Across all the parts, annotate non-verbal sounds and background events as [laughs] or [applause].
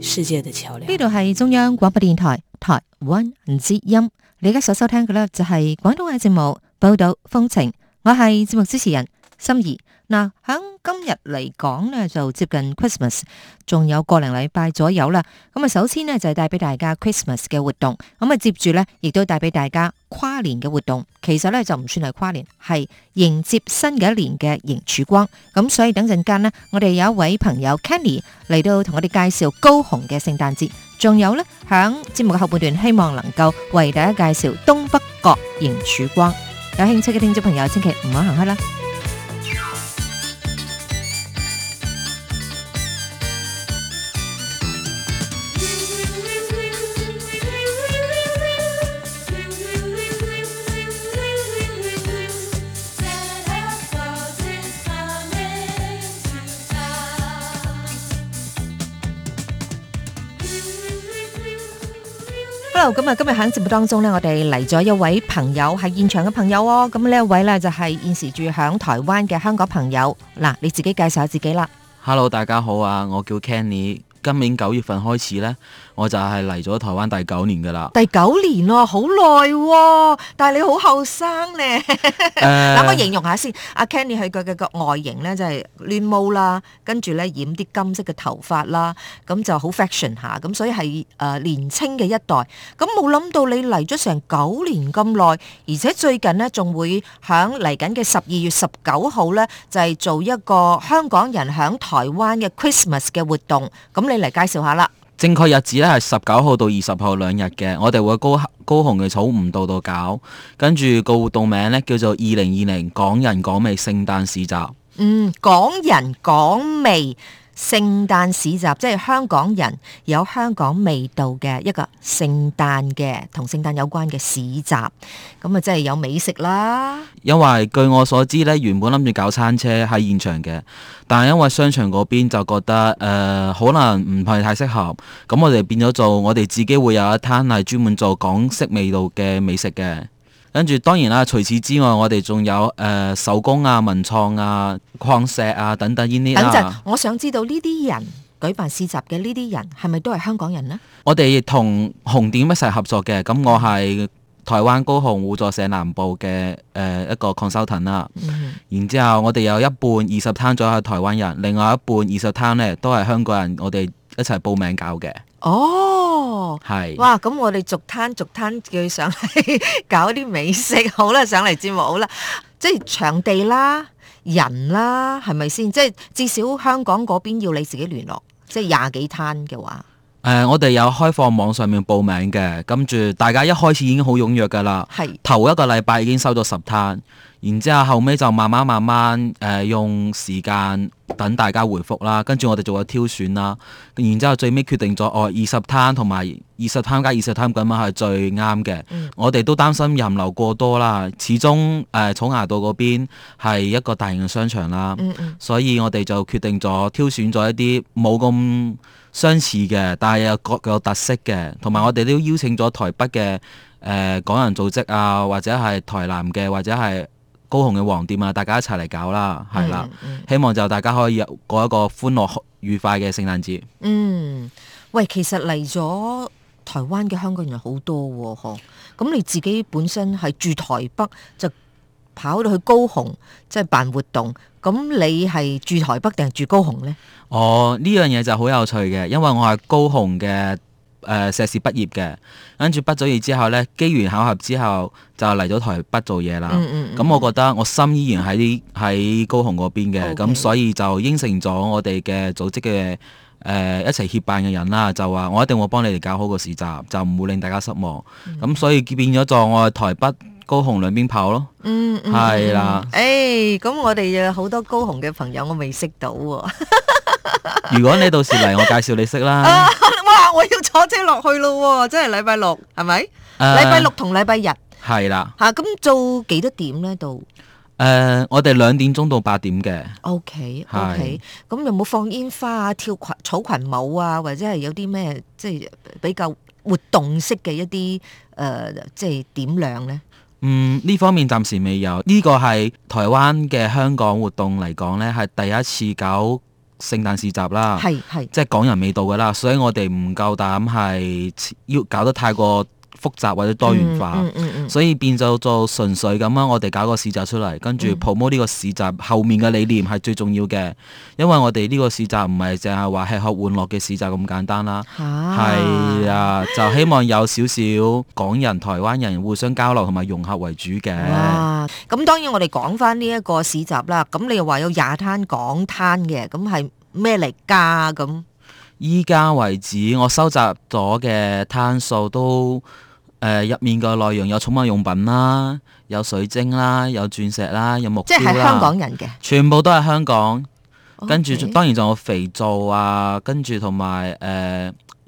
世界的橋梁。呢度係中央廣播電台台灣之音，你而家所收聽嘅咧就係廣東話節目報道風情，我係節目主持人心儀。嗱，喺、嗯、今日嚟講呢，就接近 Christmas，仲有個零禮拜左右啦。咁啊，首先呢，就帶、係、俾大家 Christmas 嘅活動，咁啊，接住呢，亦都帶俾大家跨年嘅活動。其實呢，就唔算係跨年，係迎接新嘅一年嘅迎曙光。咁所以等陣間呢，我哋有一位朋友 Kenny 嚟到同我哋介紹高雄嘅聖誕節，仲有呢，響節目嘅後半段，希望能夠為大家介紹東北角迎曙光。有興趣嘅聽眾朋友，千祈唔好行開啦。咁啊，今日喺節目當中咧，我哋嚟咗一位朋友係現場嘅朋友哦。咁呢一位呢，就係現時住響台灣嘅香港朋友。嗱，你自己介紹下自己啦。Hello，大家好啊，我叫 Kenny。今年九月份開始咧，我就係嚟咗台灣第九年嘅啦。第九年咯，好耐，但係你好後生咧。等我形容下先，阿 Kenny 佢嘅嘅外形咧就係亂毛啦，跟住咧染啲金色嘅頭髮啦，咁就好 fashion 下，咁所以係誒年青嘅一代。咁冇諗到你嚟咗成九年咁耐，而且最近咧仲會響嚟緊嘅十二月十九號咧，就係做一個香港人響台灣嘅 Christmas 嘅活動咁。你嚟介紹下啦，正確日子咧係十九號到二十號兩日嘅。我哋會高高雄嘅草衙道度搞，跟住個活動名咧叫做二零二零港人港味聖誕市集，嗯，港人港味。聖誕市集，即係香港人有香港味道嘅一個聖誕嘅同聖誕有關嘅市集，咁啊，即係有美食啦。因為據我所知呢，原本諗住搞餐車喺現場嘅，但係因為商場嗰邊就覺得誒、呃、可能唔係太適合，咁我哋變咗做我哋自己會有一攤係專門做港式味道嘅美食嘅。跟住，然當然啦，除此之外，我哋仲有誒、呃、手工啊、文創啊、礦石啊等等呢啲等陣等，啊、我想知道呢啲人舉辦市集嘅呢啲人係咪都係香港人呢？我哋同紅點一齊合作嘅，咁我係台灣高雄互助社南部嘅誒、呃、一個 consultant 啦、啊。嗯、哼然之後，我哋有一半二十攤左右係台灣人，另外一半二十攤呢都係香港人，我哋一齊報名搞嘅。哦，係是，哇！咁我哋逐攤逐攤叫上嚟搞啲美食，好啦，上嚟節目好啦，即係場地啦，人啦，係咪先？即係至少香港嗰邊要你自己聯絡，即係廿幾攤嘅話，誒、呃，我哋有開放網上面報名嘅，跟住大家一開始已經好踊躍噶啦，係是頭一個禮拜已經收咗十攤。然之後後尾就慢慢慢慢誒、呃、用時間等大家回覆啦，跟住我哋做咗挑選啦，然之後最尾決定咗，哦，二十攤同埋二十攤加二十攤咁樣係最啱嘅。嗯、我哋都擔心人流過多啦，始終誒、呃、草衙道嗰邊係一個大型嘅商場啦，嗯嗯，所以我哋就決定咗挑選咗一啲冇咁相似嘅，但係又各有特色嘅，同埋我哋都邀請咗台北嘅誒、呃、港人組織啊，或者係台南嘅或者係。高雄嘅黃店啊，大家一齊嚟搞啦，係啦、嗯，希望就大家可以過一個歡樂愉快嘅聖誕節。嗯，喂，其實嚟咗台灣嘅香港人好多、哦，嗬，咁你自己本身係住台北，就跑到去高雄，即、就、係、是、辦活動，咁你係住台北定係住高雄呢？哦，呢樣嘢就好有趣嘅，因為我係高雄嘅。誒，碩士畢業嘅，跟住畢咗業之後呢，機緣巧合之後就嚟咗台北做嘢啦。咁、嗯嗯、我覺得我心依然喺喺、嗯、高雄嗰邊嘅，咁 Okay. 所以就應承咗我哋嘅組織嘅誒、呃、一齊協辦嘅人啦，就話我一定會幫你哋搞好個市集，就唔會令大家失望。咁、嗯、所以變咗在我喺台北高雄兩邊跑咯。嗯，係、嗯、啦。誒、哎、咁我哋好多高雄嘅朋友，我未識到、哦。 [laughs] 如果你到時嚟，我介紹你識啦。 [laughs] 我要坐車落去咯、哦，即係禮拜六，係咪？禮、呃、拜六同禮拜日係啦。吓的，咁、啊、做幾多點咧？到誒、呃，我哋兩點鐘到八點嘅。O K，O K。咁、okay, 有冇放煙花啊？跳群草裙舞啊？或者係有啲咩即係比較活動式嘅一啲誒，即、呃、係、就是、點亮咧？嗯，呢方面暫時未有。呢、這個係台灣嘅香港活動嚟講咧，係第一次搞。聖誕市集啦，係係，即係港人未到噶啦，所以我哋唔夠膽係要搞得太過，複雜或者多元化，嗯嗯嗯、所以變就做純粹咁啊！我哋搞個市集出嚟，跟住 promote 呢個市集後面嘅理念係最重要嘅，因為我哋呢個市集唔係淨係話吃喝玩樂嘅市集咁簡單啦，係啊，啊，就希望有少少港人、 [laughs] 台灣人互相交流同埋融合為主嘅。咁、啊、當然我哋講翻呢一個市集啦，咁你又話有廿攤港攤嘅，咁係咩嚟噶？咁依家為止，我收集咗嘅攤數都。誒，入面嘅內容有寵物用品啦，有水晶啦，有鑽石啦，有木即係香港人嘅，全部都係香港。Okay. 跟住當然仲有肥皂啊，跟住同埋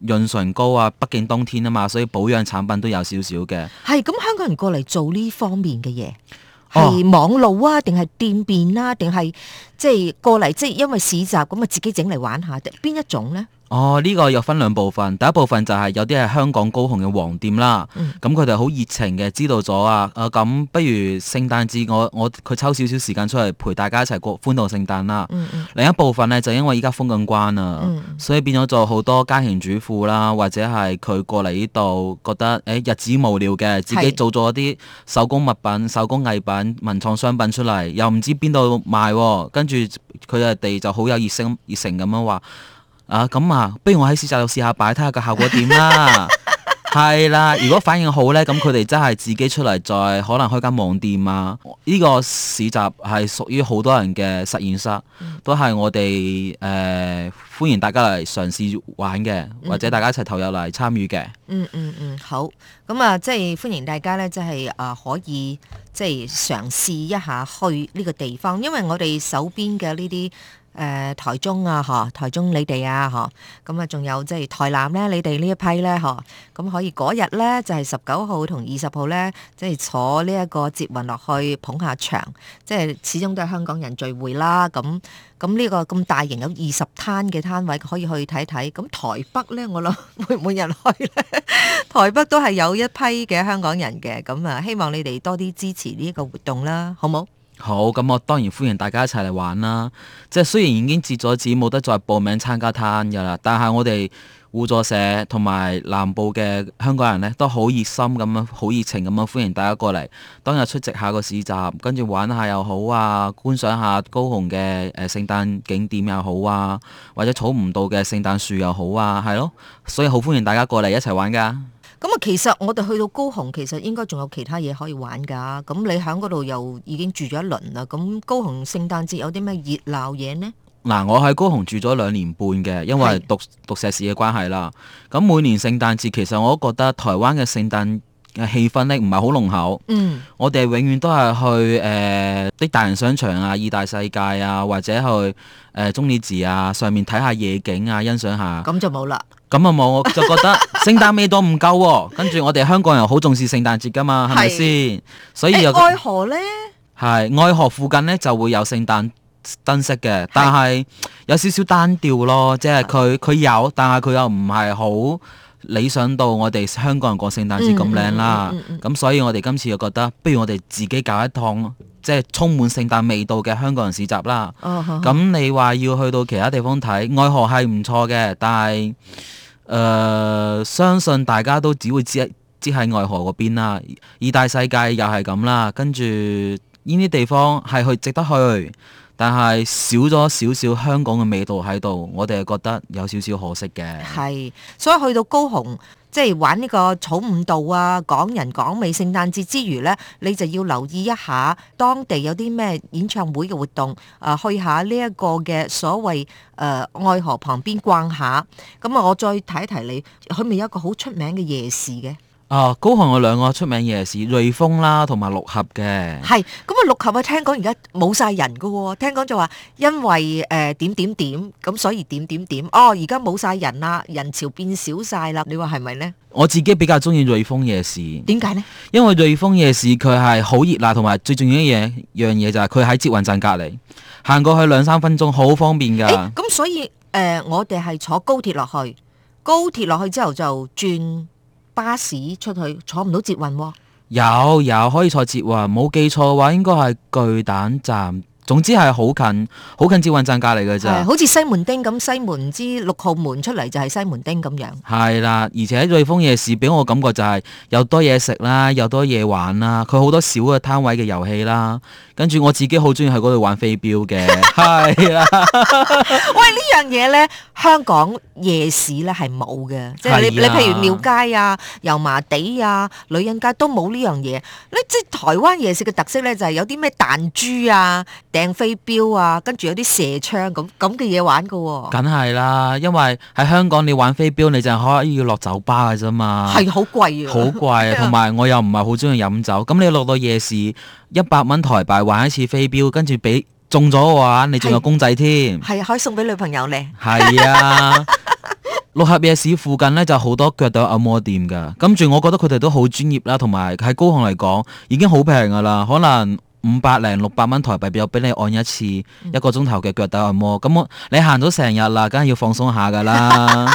誒潤唇膏啊。畢竟冬天啊嘛，所以保養產品都有少少嘅。係咁，香港人過嚟做呢方面嘅嘢，係網路啊，定係店便啊，定係即係過嚟即係因為市集咁啊，自己整嚟玩下。邊一種咧？哦，呢、這個又分兩部分。第一部分就係有啲係香港高雄嘅黃店啦，咁佢哋好熱情嘅，知道咗啊，啊咁不如聖誕節我我佢抽少少時間出嚟陪大家一齊過歡度聖誕啦。嗯、另一部分呢，就因為依家封緊關啊，嗯、所以變咗做好多家庭主婦啦，或者係佢過嚟呢度覺得誒、哎、日子無聊嘅，自己做咗啲手工物品、手工藝品、文創商品出嚟，又唔知邊度賣，啊，跟住佢哋就好有熱心熱誠咁樣話。啊咁啊，不如我喺市集度試下擺睇下，個效果點啦？係啦， [laughs] 如果反應好呢，咁佢哋真係自己出嚟，再可能開間網店啊！呢個市集係屬於好多人嘅實驗室，都係我哋誒、呃、歡迎大家嚟嘗試玩嘅，或者大家一齊投入嚟參與嘅。嗯嗯嗯，好。咁啊，即係歡迎大家呢，即係啊，可以即係嘗試一下去呢個地方，因為我哋手邊嘅呢啲。誒、呃、台中啊，嚇台中你哋啊，嚇咁啊，仲有即係台南咧，你哋呢一批咧，嚇咁可以嗰日咧就係十九號同二十號咧，即係坐呢一個捷運落去捧下場，即係始終都係香港人聚會啦。咁咁呢個咁大型有二十攤嘅攤位可以去睇睇。咁台北咧，我諗會唔會人去咧？ [laughs] 台北都係有一批嘅香港人嘅。咁啊，希望你哋多啲支持呢一個活動啦，好冇？好，咁我當然歡迎大家一齊嚟玩啦！即係雖然已經截咗止，冇得再報名參加攤嘅啦，但係我哋互助社同埋南部嘅香港人呢，都好熱心咁樣，好熱情咁樣，歡迎大家過嚟當日出席下個市集，跟住玩下又好啊，觀賞下高雄嘅誒、呃、聖誕景點又好啊，或者草衙道嘅聖誕樹又好啊，係咯，所以好歡迎大家過嚟一齊玩噶～咁啊，其實我哋去到高雄，其實應該仲有其他嘢可以玩㗎。咁你喺嗰度又已經住咗一輪啦。咁高雄聖誕節有啲咩熱鬧嘢呢？嗱，我喺高雄住咗兩年半嘅，因為讀的讀，讀碩士嘅關係啦。咁每年聖誕節，其實我都覺得台灣嘅聖誕氣氛咧唔係好濃厚，嗯，我哋永遠都係去誒啲、呃、大型商場啊，意大世界啊，或者去誒、呃、中里寺啊上面睇下夜景啊，欣賞下，咁就冇啦，咁啊冇， [laughs] 我就覺得聖誕味都唔夠， [laughs] 跟住我哋香港人好重視聖誕節噶嘛，係咪是先？所以又、欸、愛河呢？係愛河附近呢就會有聖誕燈飾嘅，但係有少少單調咯，即係佢佢有，但係佢又唔係好。理想到我哋香港人過聖誕節咁靚啦，咁、嗯嗯、所以我哋今次就覺得不如我哋自己搞一趟，即係充滿聖誕味道嘅香港人市集啦。咁、哦、你話要去到其他地方睇愛河係唔錯嘅，但係誒、呃，相信大家都只會知知喺愛河嗰邊啦。二大世界又係咁啦，跟住呢啲地方係去值得去。但係少咗少少香港嘅味道喺度，我哋係覺得有少少可惜嘅。係，所以去到高雄，即係玩呢個草衙道啊，港人港味聖誕節之餘呢，你就要留意一下當地有啲咩演唱會嘅活動，啊、呃，去下呢一個嘅所謂誒、呃、愛河旁邊逛下。咁啊，我再睇一睇你，佢咪有一個好出名嘅夜市嘅？哦，高雄有兩個出名夜市，瑞豐啦同埋六合嘅。係，咁、嗯、啊，六合啊，聽講而家冇晒人噶、哦，聽講就話因為誒、呃、點點點，咁所以點點點，哦，而家冇晒人啦，人潮變少晒啦，你話係咪呢？我自己比較中意瑞豐夜市。點解呢？因為瑞豐夜市佢係好熱鬧，同埋最重要嘅嘢樣嘢就係佢喺捷運站隔籬，行過去兩三分鐘，好方便噶。咁、欸嗯、所以誒、呃，我哋係坐高鐵落去，高鐵落去之後就轉。巴士出去坐唔到捷運喎，有有可以坐捷運，冇記錯嘅話應該係巨蛋站。總之係好近，好近捷運站隔籬嘅咋？係，好似西門町咁，西門之六號門出嚟就係西門町咁樣。係啦，而且喺瑞豐夜市俾我感覺就係又多嘢食啦，又多嘢玩啦，佢好多小嘅攤位嘅遊戲啦。跟住我自己好中意喺嗰度玩飛鏢嘅。係啦，喂，呢樣嘢咧，香港夜市咧係冇嘅，即係你你譬如廟街啊、油麻地啊、女人街都冇呢樣嘢。你即係台灣夜市嘅特色咧，就係有啲咩彈珠啊。掟飛鏢啊，跟住有啲射槍咁咁嘅嘢玩噶。哦，梗係啦，因為喺香港你玩飛鏢你淨係可以落酒吧嘅啫嘛，係好貴啊，好貴啊，同埋 [laughs] 我又唔係好中意飲酒，咁 [laughs] 你落到夜市一百蚊台幣玩一次飛鏢，跟住俾中咗嘅話，你仲有公仔添，係可以送俾女朋友咧，係啊， [laughs] 六合夜市附近呢，就好多腳底按摩店噶，跟住我覺得佢哋都好專業啦，同埋喺高雄嚟講已經好平噶啦，可能。五百零六百蚊台幣，有俾你按一次一個鐘頭嘅腳底按摩，咁我你行咗成日啦，梗係要放鬆下噶啦。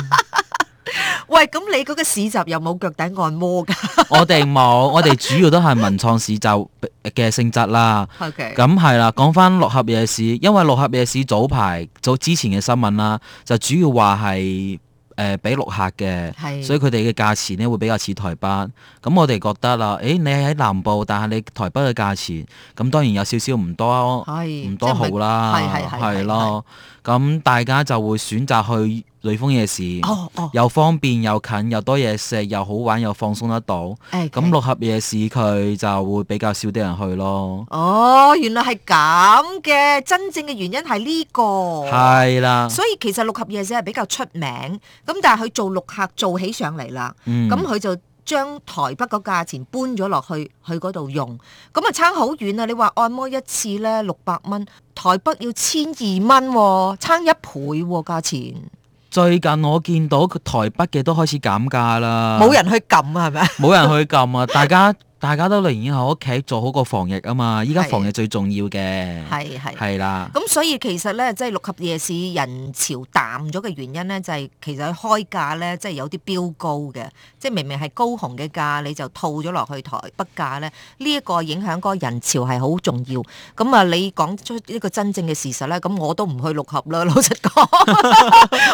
喂，咁你嗰個市集有冇腳底按摩噶 [laughs] ？我哋冇，我哋主要都係文創市集嘅性質啦。 [laughs] OK，咁係啦，講翻六合夜市，因為六合夜市早排早之前嘅新聞啦，就主要話係。誒俾陸客嘅，是所以佢哋嘅價錢咧會比較似台北。咁我哋覺得啦，誒、哎、你係喺南部，但係你台北嘅價錢，咁當然有少少唔多，唔是多好啦，係咯。咁是是大家就會選擇去。雷峰夜市，哦哦，又方便又近，又多嘢食，又好玩，又放鬆得到。咁 Okay. 六合夜市佢就會比較少啲人去咯。哦，oh, 原來係咁嘅，真正嘅原因係呢、這個係啦。 [noise] 所以其實六合夜市係比較出名，咁但係佢做陸客做起上嚟啦，咁佢、嗯、就將台北嗰價錢搬咗落去，去嗰度用，咁啊差好遠啊！你話按摩一次呢，六百蚊，台北要千二蚊，差一倍價、哦、錢。最近我見到台北嘅都開始減價啦，冇人去撳啊，係咪？冇人去撳啊， [laughs] 大家。大家都寧願喺屋企做好個防疫啊嘛！依家防疫最重要嘅，係係係啦。咁的所以其實咧，即係六合夜市人潮淡咗嘅原因咧，就係、是、其實佢開價咧、就是，即係有啲標高嘅，即係明明係高雄嘅價，你就套咗落去台北價咧，呢、這、一個影響嗰個人潮係好重要。咁啊，你講出呢個真正嘅事實咧，咁我都唔去六合啦，老實講， [laughs]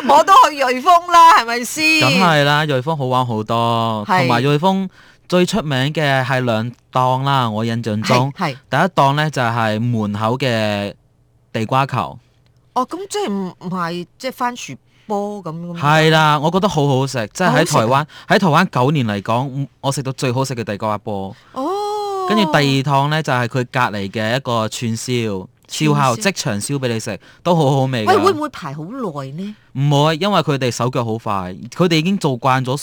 [laughs] [laughs] 我都去瑞豐啦，係咪先？梗係啦，瑞豐好玩好多，同埋的瑞豐。最出名嘅係兩檔啦，我印象中，第一檔呢，就係、是、門口嘅地瓜球。哦，咁即係唔唔係即係番薯波咁樣？係啦，我覺得好好食，即係喺台灣喺台灣九年嚟講，我食到最好食嘅地瓜波。跟住、哦、第二檔呢，就係佢隔離嘅一個串燒，超後燒即場燒俾你食，都好好味。喂、哎，會唔會排好耐呢？唔會，因為佢哋手腳好快，佢哋已經做慣咗。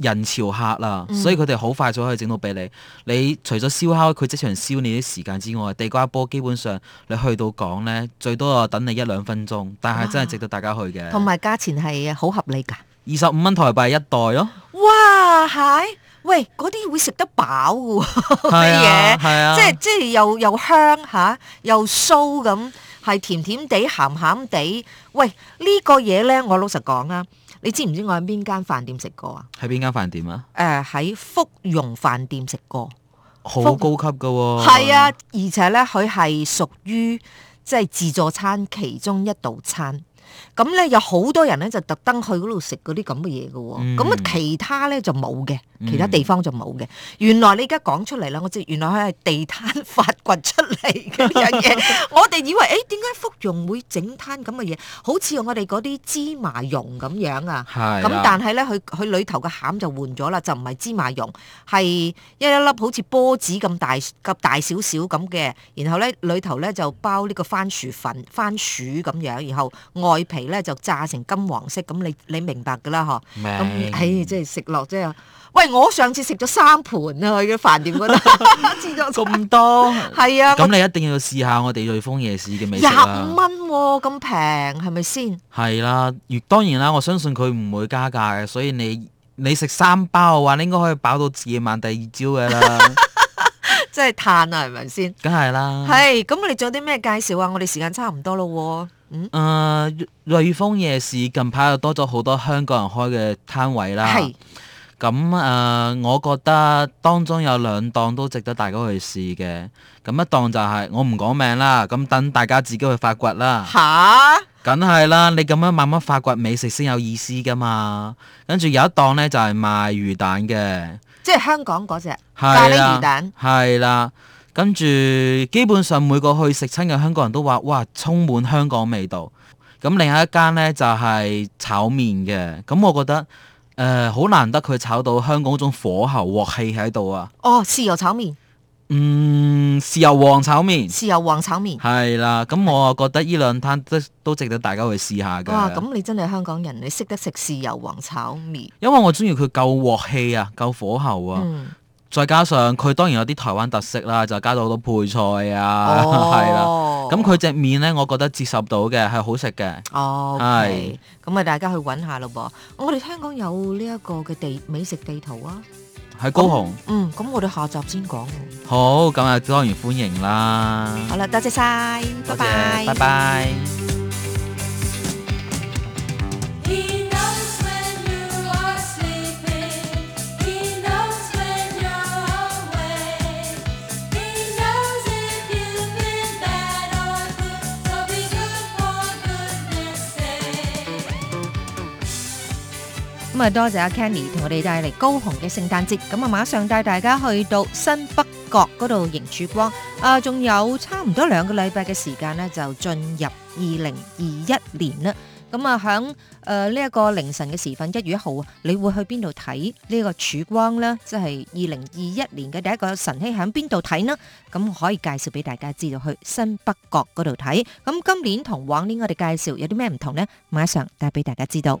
人潮客啦，嗯、所以佢哋好快就可以整到俾你。你除咗燒烤，佢即場燒你啲時間之外，地瓜波基本上你去到港呢，最多啊等你一兩分鐘。但係真係值得大家去嘅，同埋價錢係好合理㗎，二十五蚊台幣一袋咯。哇，係喂，嗰啲會食得飽㗎，啲嘢，即係即係又又香嚇、啊，又酥咁，係甜甜地、鹹鹹地。喂，呢、呢個嘢呢，我老實講啊。你知唔知我喺邊間飯店食過啊？喺邊間飯店啊？誒喺福榕飯店食過，好、呃、高級㗎喎、哦。係啊，而且咧佢係屬於即係、就是、自助餐其中一道餐。咁咧有好多人咧就特登去嗰度食嗰啲咁嘅嘢嘅喎，咁啊、嗯、其他咧就冇嘅，其他地方就冇嘅。嗯、原來你而家講出嚟啦，我知原來佢係地攤發掘出嚟嘅樣嘢。我哋以為誒點解福蓉會整攤咁嘅嘢，好似我哋嗰啲芝麻蓉咁樣啊。咁的但係咧，佢佢裏頭嘅餡就換咗啦，就唔係芝麻蓉，係一粒好似波子咁大咁大小小咁嘅，然後咧裏頭咧就包呢個番薯粉番薯咁樣，然後外。皮咧就炸成金黃色，咁你你明白噶啦嗬？明，唉、嗯，即係食落即係，喂！我上次食咗三盤啊，喺飯店嗰度食咗咁多，係啊！咁我你一定要試下我哋瑞豐夜市嘅美食啦、啊。五蚊咁平，係咪先？係啦，越、啊、當然啦，我相信佢唔會加價嘅，所以你你食三包嘅話，你應該可以飽到夜晚第二朝嘅啦。即係嘆啊，係咪先？梗係啦。係，咁你做啲咩介紹啊？我哋時間差唔多咯。誒瑞豐夜市近排又多咗好多香港人開嘅攤位啦，咁誒是、呃，我覺得當中有兩檔都值得大家去試嘅。咁一檔就係、是、我唔講名啦，咁等大家自己去發掘啦。嚇哈！梗係啦，你咁樣慢慢發掘美食先有意思㗎嘛。跟住有一檔呢，就係賣魚蛋嘅，即係香港嗰隻咖喱魚蛋。係啦。跟住基本上每個去食親嘅香港人都話，哇，充滿香港味道。咁、嗯、另一間呢就係、是、炒麵嘅，咁、嗯、我覺得誒好、呃、難得佢炒到香港嗰種火候鑊氣喺度啊！哦，豉油炒麵，嗯，豉油王炒麵，豉油王炒麵，係啦。咁、嗯嗯、我啊覺得呢兩攤都值得大家去試下㗎。哇、啊！咁你真係香港人，你識得食豉油王炒麵，因為我中意佢夠鑊氣啊，夠火候啊。嗯再加上佢當然有啲台灣特色啦，就加咗好多配菜啊，係啦、oh.。咁佢隻麵咧，我覺得接受到嘅係好食嘅。哦、oh, okay. 是，係。咁啊，大家去揾下咯噃。我哋香港有呢一個嘅地美食地圖啊，喺高雄。嗯，咁、嗯、我哋下集先講。好，咁啊當然歡迎啦。好啦，多謝晒拜，拜拜，拜拜。咁啊，多謝阿 Kenny 同我哋帶嚟高雄嘅聖誕節。咁啊，馬上帶大家去到東北角嗰度迎曙光。啊，仲有差唔多兩個禮拜嘅時間呢，就進入二零二一年啦。咁啊，響誒呢一個凌晨嘅時分1 1，一月一號你會去邊度睇呢個曙光呢？即係二零二一年嘅第一個晨曦，響邊度睇呢？咁可以介紹俾大家知道，去東北角嗰度睇。咁今年同往年我哋介紹有啲咩唔同呢？馬上帶俾大家知道。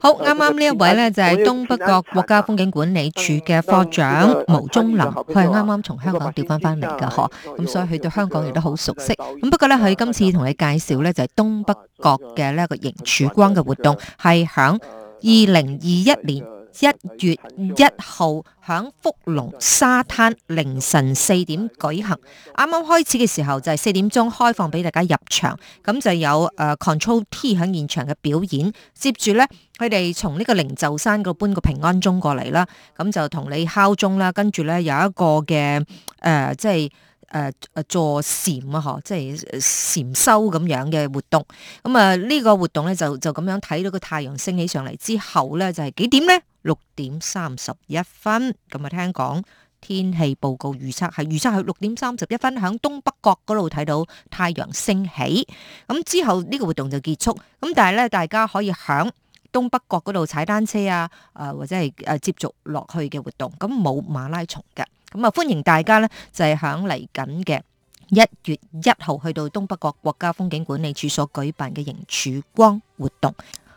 好啱啱呢一位呢，就係、是、東北角國家風景管理處嘅科長毛忠林，佢係啱啱從香港調翻翻嚟噶，嗬、嗯，咁所以佢對香港亦都好熟悉。咁、嗯、不過呢，佢今次同你介紹呢，就係、是、東北角嘅呢一個迎曙光嘅活動，係響二零二一年。一月一號喺福隆沙灘凌晨四點舉行，啱啱開始嘅時候就係四點鐘開放俾大家入場，咁就有誒 control T 喺現場嘅表演，接住咧佢哋從呢從個靈鷲山嗰搬個平安鐘過嚟啦，咁就同你敲鐘啦，跟住咧有一個嘅誒即係誒誒坐禪啊嗬，即係禪修咁樣嘅活動，咁啊呢個活動咧就就咁樣睇到個太陽升起上嚟之後咧就係、是、幾點咧？六點三十一分，咁啊聽講天氣報告預測係預測喺六點三十一分，響東北角嗰度睇到太陽升起，咁之後呢個活動就結束，咁但係咧大家可以響東北角嗰度踩單車啊，誒或者係誒接續落去嘅活動，咁冇馬拉松嘅，咁啊歡迎大家呢，就係響嚟緊嘅一月一號去到東北角國家風景管理處所舉辦嘅迎曙光活動。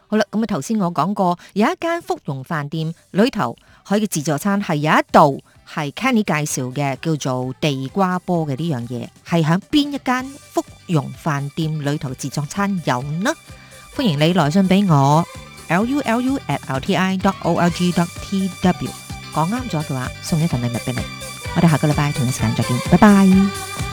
好啦，咁啊，頭先我講過，有一間福容飯店裏頭，佢嘅自助餐係有一道係 Kenny 介紹嘅，叫做地瓜煲嘅呢樣嘢，係喺邊一間福容飯店裏頭嘅自助餐有呢？歡迎你來信俾我 l u l u at l t i dot o r g dot t w，講啱咗嘅話，送一份禮物俾你。我哋下個禮拜同一時間再見，拜拜。